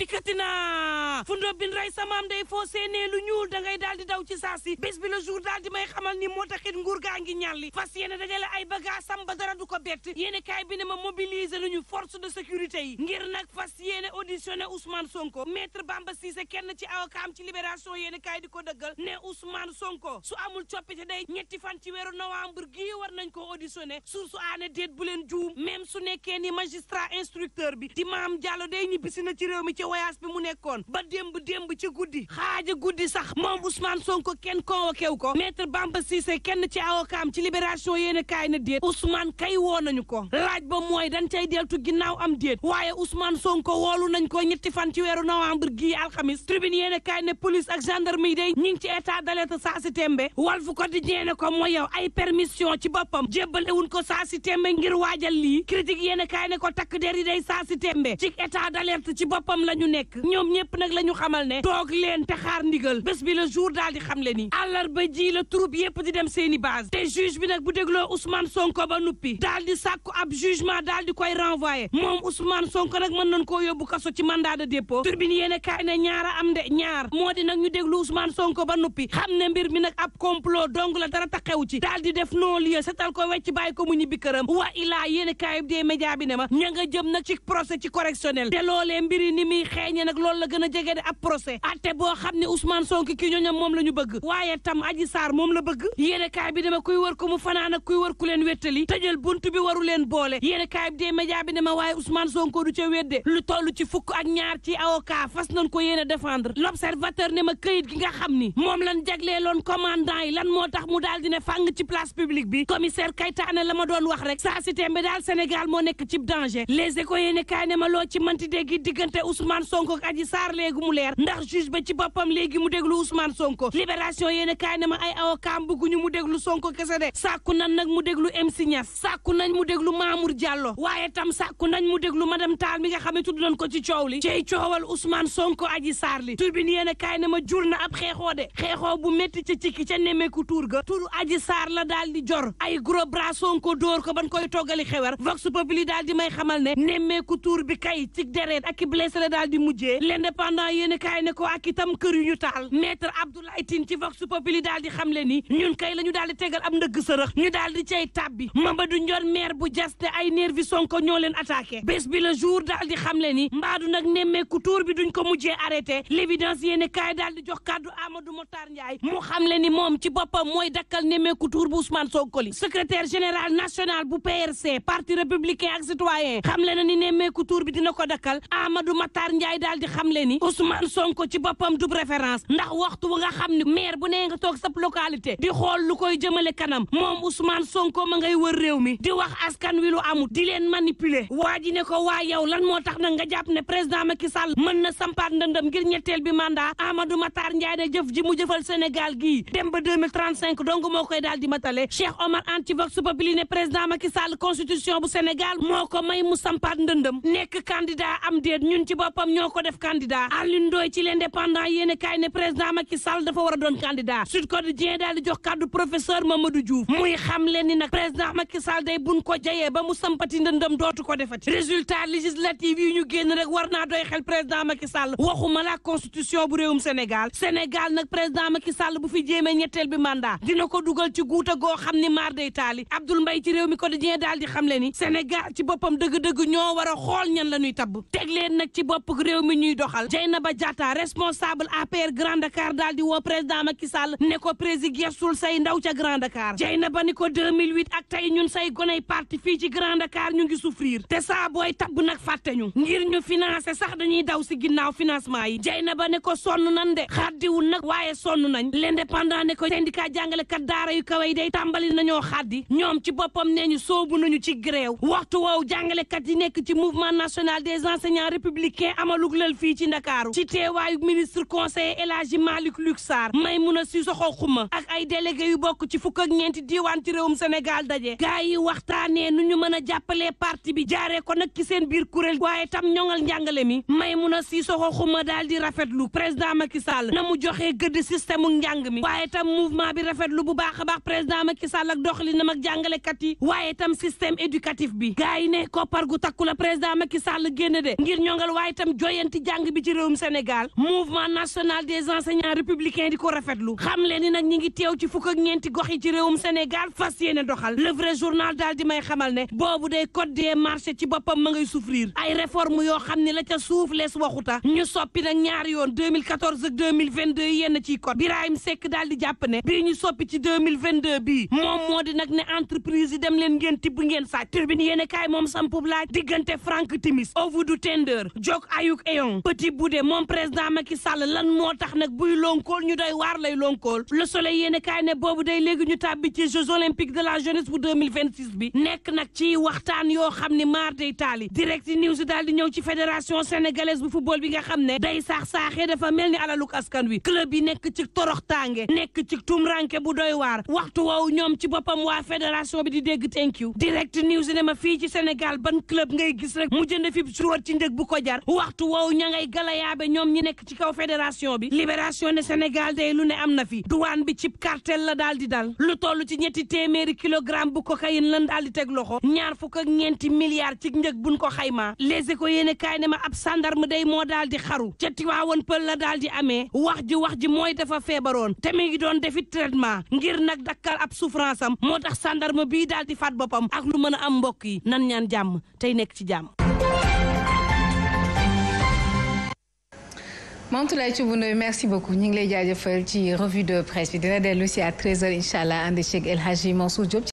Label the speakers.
Speaker 1: dikkati naa temps fu ndobbin rey sa maam day foo séenee lu ñuul da ngay daal di daw ci saa si bés bi le jour daal di may xamal ni moo taxit nguur gaa ngi ñàlli fas yéene dajale ay bagage sam ba dara du ko bett yéene kaay bi ne ma mobiliser nañu force de sécurité yi ngir nag fas yéene auditionné Ousmane Sonko maître Bamba Cissé kenn ci awakaam ci libération yéene kaay di ko dëggal ne Ousmane Sonko su amul coppite day ñetti fan ci weeru novembre gii war nañ ko auditionné source leen juum même su nekkee ni magistrat instructeur bi di maam Diallo day ñibbisi na ci réew mi ci voyage bi mu nekkoon démb démb ci guddi xaaja guddi sax moom Ousmane Sonko kenn convoqué kew ko maître Bamba Cissé kenn ci awokaam ci libération yéen kaay na déet Ousmane kay woo nañu ko laaj ba mooy dañ cay deltu ginnaaw am déet waaye Ousmane Sonko woolu nañ ko ñetti fan ci weeru novembre gii alxamis tribune yéen kaay ne ak gendarme yi day ñi ngi ci état d'alerte saa si tembe Walf Quotidien ne ko mooy yow ay permission ci boppam jébbalewuñ ko saa si tembe ngir waajal lii critique yéen kaay ko takk der yi day saa si ci état d'alerte ci boppam la ñu nekk ñoom ñëpp la ñu xamal ne toog leen te xaar ndigal bés bi le jour daal di xam le ni àllarba ji la troupe yépp di dem seeni base te juge bi nag bu dégloo Ousmane Sonko ba nuppi daal di sàkku ab jugement daal di koy renvoyé moom Ousmane Sonko nag mën nañ koo yóbbu kaso ci mandat de dépôt turbine yéen kaay ne ñaara am de ñaar moo di nag ñu déglu Ousmane Sonko ba nuppi xam ne mbir mi nag ab complot dong la dara ta taxew ci daal di def non lieu setal ko wecc bàyyi ko mu ñibbi këram wa ilaa yéen kaay bi dee média bi ne ma ña nga jëm nag ci procès ci la gën a jege de ab procès atte boo xam ne Ousmane Sonko ki ñooñam moom la ñu bëgg waaye tam Adji Sarr moom la bëgg yéenekaay bi dama kuy wër ko mu fanaan kuy wër ku leen wéttali tëjal buntu bi waru leen boole yéenekaay bi dee média bi dama waaye Ousmane Sonko du ca wedde lu toll ci fukk ak ñaar ci avocat fas nañ ko yéen a défendre l'observateur ne ma këyit gi nga xam ni moom lan loon commandant yi lan moo tax mu daal dina fàng ci place publique bi commissaire Kaytaane la ma doon wax rek saa si tembe daal Sénégal moo nekk ci danger les écoles yéenekaay ne ma loo ci manti déggi diggante Ousmane Sonko leer gu mu leer ndax juge ba ci boppam léegi mu déglu Ousmane Sonko libération yéen a kaay ne ma ay awokaam bëgguñu mu déglu Sonko kese de sàkku nan nag mu déglu MC Niass sàkku nañ mu déglu Mamour Diallo waaye tam sàkku nañ mu déglu madame Tall mi nga xam ne tudd nañ ko ci coow li cey coowal Ousmane Sonko aji saar li turbine yéen a kaay ne ma jur na ab xeexoo de xeexoo bu métti ca cikki ca nemmeeku tuur ga turu aji saar la daal di jor ay gros bras Sonko dóor ko ban koy toggali xewer vox populi daal di élément yéen a ne ko ak itam kër yu ñu taal maître Abdoulaye tiin ci vox populi daal di xam le ni ñun kay la ñu daal di tegal am ndëgg sërëx ñu daal di cay tàbbi Mamadou Ndione maire bu jaste ay nervi Sonko ñoo leen attaqué bés bi le jour daal di xam le ni mbaadu nag nemmeeku tuur bi duñ ko mujjee arrêté l'évidence yéen a kaay daal di jox kàddu Amadou Mokhtar Ndiaye mu xam le ni moom ci boppam mooy dakkal nemmeeku tuur bu Ousmane Sonko li secrétaire général national bu PRC parti républicain ak citoyen xam le na ni nemmeeku tuur bi dina ko dakkal Amadou Mokhtar Ndiaye daal di xam le ni Ousmane Sonko ci boppam du référence ndax waxtu wu nga xam ne maire bu nee nga toog sab localité di xool lu koy jëmale kanam moom Ousmane Sonko ma ngay wër réew mi di wax askan wi lu amut di leen manipuler waa ji ne ko waa yow lan moo tax nag nga jàpp ne président Macky Sall mën na sampaat ndëndëm ngir ñetteel bi mandat Amadou Matar Ndiaye ne jëf ji mu jëfal Sénégal gii dem ba 2035 dong moo koy daal di matale Cheikh Omar Anti Vox Populi ne président Macky Sall constitution bu Sénégal moo ko may mu sampaat ndëndëm nekk candidat am déet ñun ci boppam ñoo ko def candidat Marlene Ndoye ci l'indépendant yéen a kaay ne président Macky Sall dafa war a doon candidat Sud daal di jox kàddu professeur Mamadou Diouf muy xam leen ni nag président Macky Sall day buñ ko jayee ba mu sampati ndëndëm dootu ko defati résultat législative yi ñu génn rek war naa doy xel président Macky Sall waxuma la constitution bu réewum Sénégal Sénégal nag président Macky Sall bu fi jéemee ñetteel bi mandat dina ko dugal ci guuta goo xam ni maar day taali Abdoul Mbaye ci réew mi Quotidien daal di xam leen ni Sénégal ci boppam dëgg-dëgg ñoo war a xool ñan la ñuy tabb teg leen nag ci bopp réew ñuy doxal Dieynaba Diatta responsable APR Grand Dakar daal di woo président Macky Sall ne ko président gestul say ndaw ca Grand Dakar Dieynaba ni ko 2008 ak tey ñun say goney parti fii ci Grand Dakar ñu ngi souffrir te saa booy tabb nag fàtte ñu ngir ñu financé sax dañuy daw si ginnaaw financement yi Dieynaba ne ko sonn nan de nag waaye sonn nañ l'indépendant ne ko syndicat kat daara yu kaw yi day tàmbali nañoo xaddi ñoom ci boppam ne ñu soobu nañu ci grève waxtu woowu jàngalekat yi nekk ci mouvement national des enseignants républicains amalug lël fii ci Dakar ndakaaru ci teewaayu ministre conseiller El Hadji Malick Luc Sarr Maïmouna Sissoko Khouma ak ay délégué yu bokk ci fukk ak ñeenti diiwaan ci réewum Sénégal daje gaa yi waxtaanee nu ñu mën a jàppalee parti bi jaaree ko nag ci seen biir kuréel waaye tam ñoŋal njàngale mi may mun a Sissoko Khouma daal di rafetlu président Macky Sall na mu joxee gëdd système u njàng mi waaye tam mouvement bi lu bu baax a baax président Macky Sall ak doxalinam ak jàngalekat yi waaye tam système éducatif bi gaa yi ne koppar gu takku la président Macky Sall génn ngir ñoŋal waaye tam joyanti jàng bi ci réew réewum Sénégal des enseignants républicains di ko rafetlu xam leen ni nag ñi ngi teew ci fukk ak ñeenti gox yi ci réewum Sénégal fas yéene doxal le vrai journal daal di may xamal ne boobu day code des marchés ci boppam ma ngay souffrir ay réforme yoo xam ne la ca suuf lees waxuta ñu soppi nag ñaar yoon 2014 ak 2022 yenn ciy code Birahim Seck daal di jàpp ne bii ñu soppi ci 2022 bi moom moo di nag ne entreprise yi dem leen ngeen tibb ngeen sàcc turbine yéen a moom sampub laaj diggante Frank Timis Ovidou Tender Diop Ayuk Eyon Petit Boudé expliquer moom président Macky Sall lan moo tax nag buy lonkool ñu doy waar lay lonkool le soleil yéen kaay ne boobu day léegi ñu tàbbi ci jeux olympiques de la jeunesse bu 2026 bi nekk nag ci waxtaan yoo xam ni maar day taali direct news daal di ñëw ci fédération sénégalaise bu football bi nga xam ne day saax saaxee dafa mel ni alalu askan wi club yi nekk ci torox tànge nekk ci tumranke bu doy waar waxtu woowu ñoom ci boppam waa fédération bi di dégg thank you direct news ne ma fii ci Sénégal ban club ngay gis rek mu jënd fi ci ndëg bu ko jar yaabe ñoom ñi nekk ci kaw fédération bi libération ne Sénégal day lu ne am na fi douane bi cib cartel la daal di dal lu toll ci ñetti téeméeri kilogramme bu cocaïne lan daal di teg loxo ñaar fukk ak ñeenti milliards ci njëg buñ ko xayma les ko yéene kaay ma ab sandarme day moo daal di xaru ca Tiwaawoon pël la daal di amee wax ji wax ji mooy dafa feebaroon te mi ngi doon defi traitement ngir nag dakkal ab souffrance moo tax sandarme bii daal di faat boppam ak lu mën a am mbokk yi nan ñaan jàmm tey nekk ci jàmm Mantoulaye Thioub Ndoye merci beaucoup ñu ngi lay jaajëfal ci revue de presse bi dina dellu si à 13h incha allah ànd ceeg El Hadji Mansour Diop.